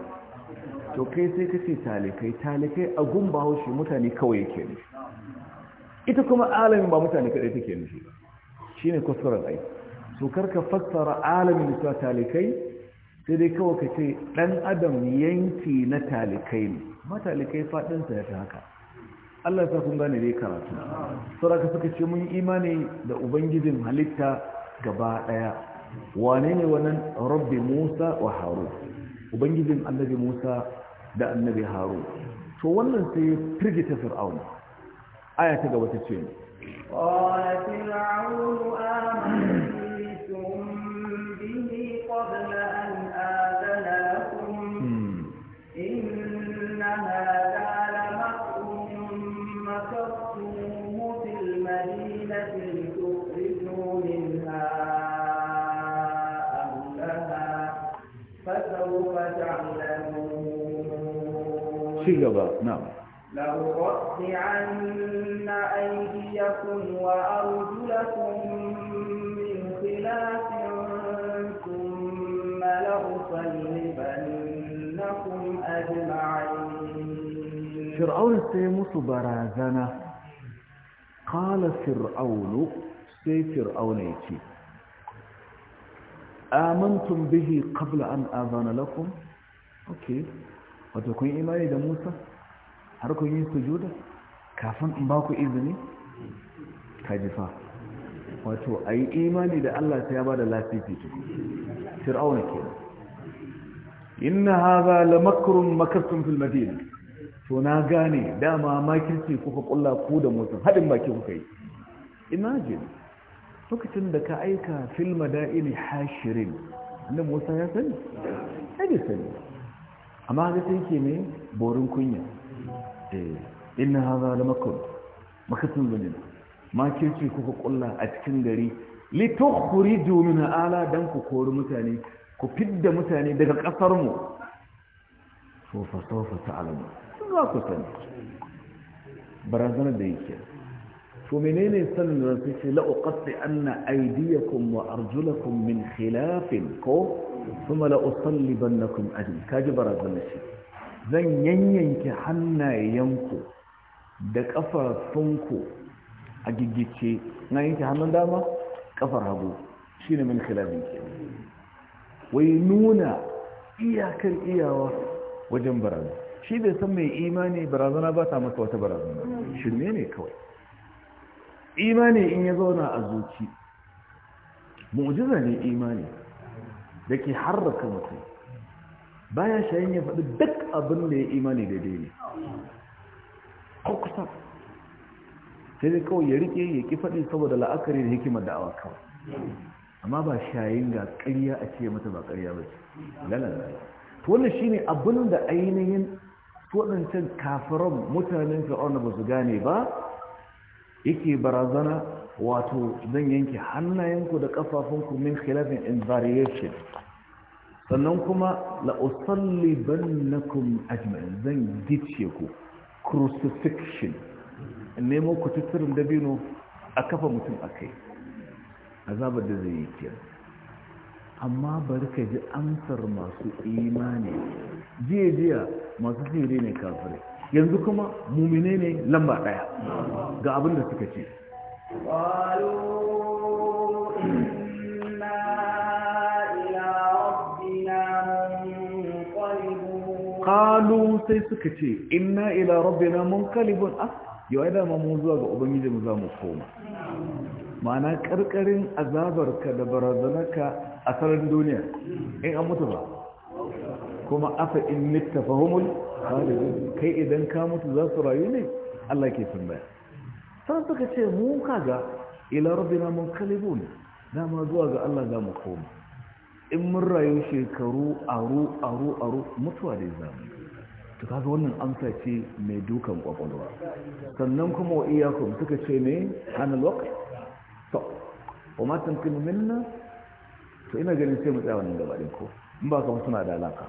to kai sai kace ce talikai talikai a gun ba haushe mutane kawai yake nufi ita kuma alamin ba mutane kadai take nufi ba shine kusurar aiki so karka fassara alamin da talikai sai dai kawai ka ce ɗan adam yanki na talikai ne matalikai faɗinsa ya ta haka Allah sa kun gane dai karatu saraka suka ce mun imani da ubangijin halitta gaba ɗaya wane ne wannan rabbi musa wa haru ubangijin annabi musa da annabi haru to wannan sai firgita fir'auna aya ta gaba ta ce قال فرعون آمنت نعم لو لأقطعن أيديكم وأرجلكم من خلاف ثم لأصلبنكم أجمعين فرعون سيموت برازنة قال فرعون سي فرعون يتي آمنتم به قبل أن آذن لكم أوكي okay. wato kun imani da musa har kun yi sujuda kafin in ba ku izini kajifa wato a yi imani da allah ta ya ba da lafifi fir'auna ke inna haza la makarun makarsun fil to na gane dama makirci kuka kulla ku da musa haɗin baki kuka yi imagine lokacin da ka aika fil madaini hashirin annabi musa ya sani ya sani amma ga sai ke mai borin kunya eh, inna haza da makon zane zanina makirci kuka kulla a cikin gari litokuri domin ala don ku kori mutane ku fidda mutane daga ƙasarmu sofa sofa ta alamu sun za ku sani barazanar da yake to menene sanin da su ce la'uƙasli anna aidiyakum wa arjulakum min khilafin ko kuma la'usalliban na kun ajin kaji barazan shi zan yanyanke hannayenku da ƙafafunku a gigice na yanke hannun dama ƙafar hagu shi ne min khilafin ke wai nuna iyakar iyawa wajen barazan. shi bai san mai imani barazana ba ta masa wata barazana shirme ne kawai imani in ya zauna a zuci mu'jiza ne imani da ke harraka mutum baya shayin ya faɗi duk abin da ya imani daidai ne sai dai kawai ya rike ya ƙi faɗi saboda la'akari da hikimar awa kawai amma ba shayin ga ƙarya a ce mata ba ƙarya ba ce lalata to wannan shine abin da ainihin waɗancan kafiran mutanen fir'auna ba su gane ba yake barazana wato zan yanke hannayenku da kafafunku min khilafin in variation sannan kuma bannakum ajma'in zan gice ku crucifixion in nemo ku tuturin dabino a kafa mutum a kai azabar da zai yi amma bari ka ji amsar masu imani jiya jiya masu sihiri ne kafirai yanzu kuma mumine ne lamba ɗaya ga abin da suka ce kalu sai suka ce inna ila na mun kalibun a ah, yau dama mun zuwa ga ubangiji mu za mu koma ma'ana karkarin azabarka da barazanarka a sararin duniya in an mutu ba kuma afa in mitta fahimul kai idan ka mutu za su rayu ne Allah ke sun baya. sun suka ce mu kaga ila rabbina munqalibun dama zuwa ga Allah za mu koma in mun rayu shekaru aru aru aru mutuwa da zamu to kaga wannan amsa ce mai dukan kwakwalwa sannan kuma wa iyakum suka ce ne hanal waqt to wa ma tamkinu minna to ina ganin sai mu tsaya wannan gaba din ko in ba kama suna da alaka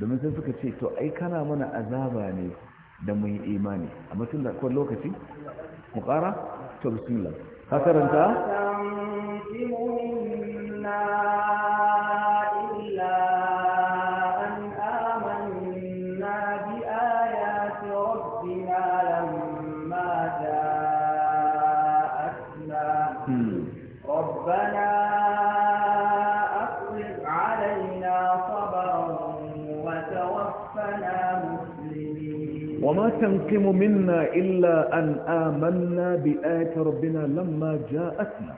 domin sai suka ce to ai kana mana azaba ne da mun yi imani a mutum da lokaci mu ƙara to bismillah ka karanta وما تنقم منا إلا أن آمنا بآية ربنا لما جاءتنا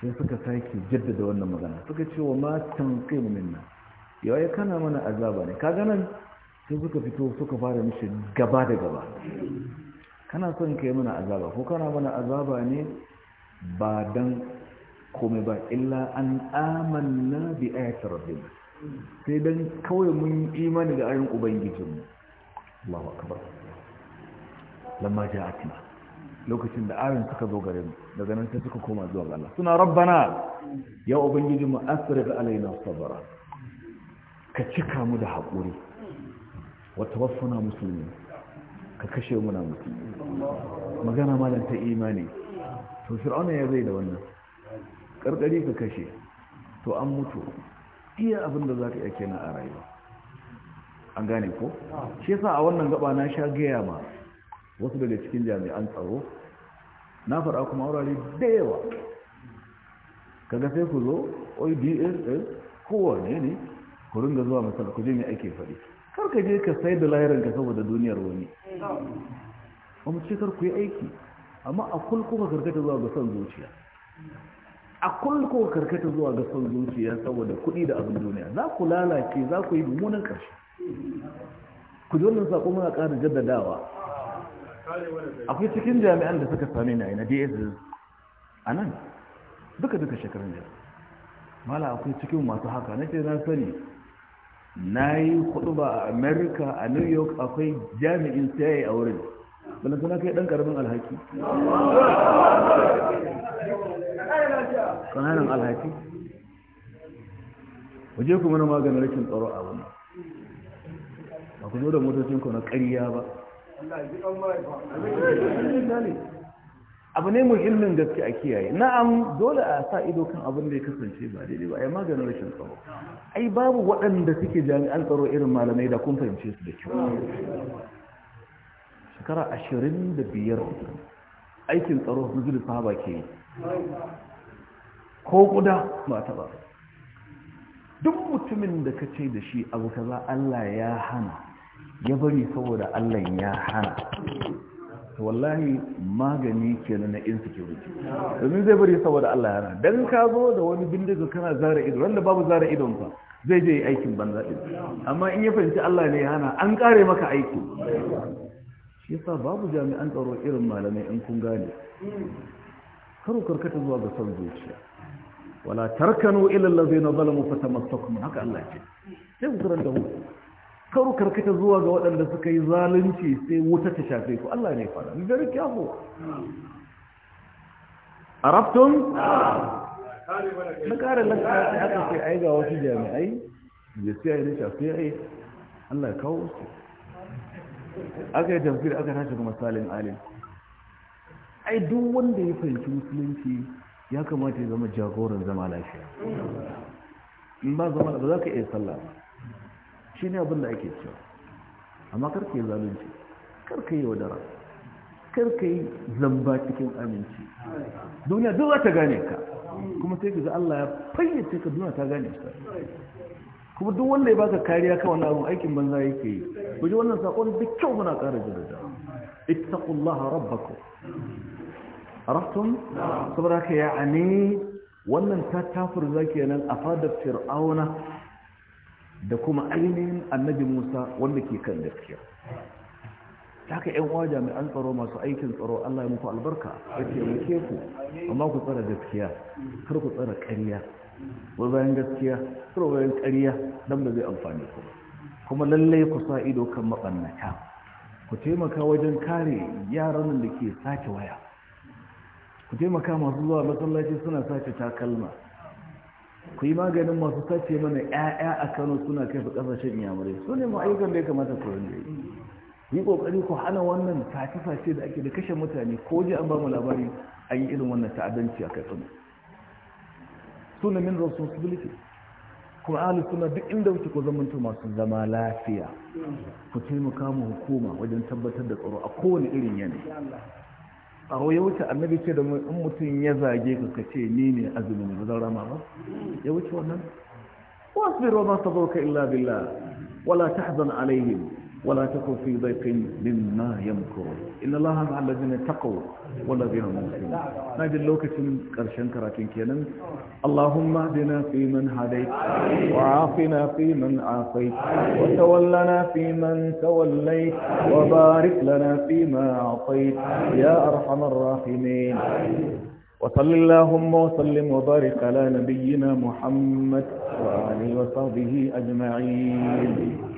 sai suka sake jaddada wannan magana suka ce wa matan kai minna yawai kana mana azaba ne kaga nan sai suka fito suka fara mishi gaba da gaba kana son kai mana azaba ko kana mana azaba ne ba dan komai ba illa an amanna bi ayati sai dan kawai mun imani da ayin ubangijinmu Allahu akbar lamma ja'atna lokacin da ayoyin suka zo gare mu daga nan sai suka koma zuwa ga Allah suna rabbana ya ubangiji mu asrif alaina sabra ka cika mu da hakuri wa tawaffana musulmi ka kashe mu na musulmi magana malam ta imani to fir'auna ya zai da wannan karkari ka kashe to an mutu iya abin da za ka iya kenan a rayuwa an gane ko shi yasa a wannan gaba na sha gaya ma wasu daga cikin jami'an tsaro na fara kuma wurare da yawa kaga sai ku zo oi dss kowane ne ku ringa zuwa masar ku je mai ake faɗi kar ka je ka sai da ka saboda duniyar wani ba mu ce kar ku yi aiki amma a ka karkata zuwa ga son zuciya a ka karkata zuwa ga son zuciya saboda kuɗi da abin duniya za ku lalace za ku yi mummunan ƙarshe ku ji wannan sako muna ƙara jaddadawa akwai cikin jami'an da suka sami na na dss a nan duka duka shekarun jiya mala akwai cikin masu haka na ce na sani na yi hudu ba a america a new york akwai jami'in siyaye a wurin bala suna kai dan karamin alhaki kananan alhaki waje kuma na maganin rashin tsaro a wannan ba ku zo da motocin ku na ƙarya ba abu ne muhimmin gaske a kiyaye na'am dole a sa ido kan abin da ya kasance ba daidai ba a yi maganin rashin tsaro ai babu waɗanda suke jami'an tsaro irin malamai da kun fahimce su da kyau shekara ashirin da biyar aikin tsaro hujjul sahaba ke yi ko guda ba ta ba duk mutumin da ka ce da shi abu kaza Allah ya hana ya bari saboda Allah ya hana wallahi magani ke na insecurity domin zai bari saboda Allah ya hana dan ka zo da wani bindiga kana zara ido wanda babu zara idon fa zai je aikin banza din amma in ya fahimci Allah ne ya hana an kare maka aiki shi yasa babu jami'an tsaro irin malamai in kun gane karo karkata zuwa ga son zuciya wala tarkanu ila allazina zalamu fatamassakum haka Allah ya ce sai ku karanta mu. karu karkata zuwa ga waɗanda suka yi zalunci sai wuta ta shafe ku Allah ne fada be very A arabtum na kare lakata aka ce ai ga wasu jami'ai da sai ne shafe ai Allah ya kawo su aka yi tafsir aka tashi ga misalin alim ai duk wanda ya fahimci musulunci ya kamata ya zama jagoran zama lafiya in ba zama ba za ka iya sallah ba shi ne abin da ake cewa amma karka yi zalunci karka yi wadara karka yi zamba cikin aminci duniya duk za ta gane ka kuma sai ka ga Allah ya fayyace ka duniya ta gane ka kuma duk wanda ya baka kariya ka wannan abin aikin banza yake yi kuje wannan sakon da kyau muna ƙara daraja ittaqullaha rabbakum araftum saboda ka ya ane wannan ta tafur zaki nan a fadar fir'auna da kuma ainihin annabi musa wanda ke kan gaskiya ka yan uwa jami'an tsaro masu aikin tsaro Allah ya muku albarka ya taimake ku amma ku tsara gaskiya kar ku tsara ƙarya ko bayan gaskiya kar bayan ƙarya don da zai amfani ku kuma lalle ku sa ido kan mabannata ku taimaka wajen kare yaran da ke sake waya ku taimaka masu zuwa masallaci suna sake takalma ku yi maganin masu sace mana 'ya'ya a kano suna kai su kasashen iyamurai su ne ma'aikan da ya kamata ku rinda yi yi kokari ku hana wannan sace-sace da ake da kashe mutane ko ji an ba mu labari an yi irin wannan ta'addanci a katsina suna min responsibility kuma ahalus suna duk inda wuce ku zamanto masu zama lafiya ku taimaka mu hukuma wajen tabbatar da tsaro a kowane irin yanayi a ya wuce annabi ce da in mutum ya zage ka kace ce ni ne azumi ne bazan rama ba ya wuce wannan wasbir roba ma sabawka illa billah wala tahzan alaihim ولا تكن في ضيق مما يمكرون إن الله مع الذين اتقوا والذين هم محسنون نادي اللوكتين قرشان كراكين كينن اللهم اهدنا فيمن هديت وعافنا فيمن عافيت وتولنا فيمن توليت وبارك لنا فيما أعطيت يا أرحم الراحمين وصل اللهم وسلم وبارك على نبينا محمد اله وصحبه أجمعين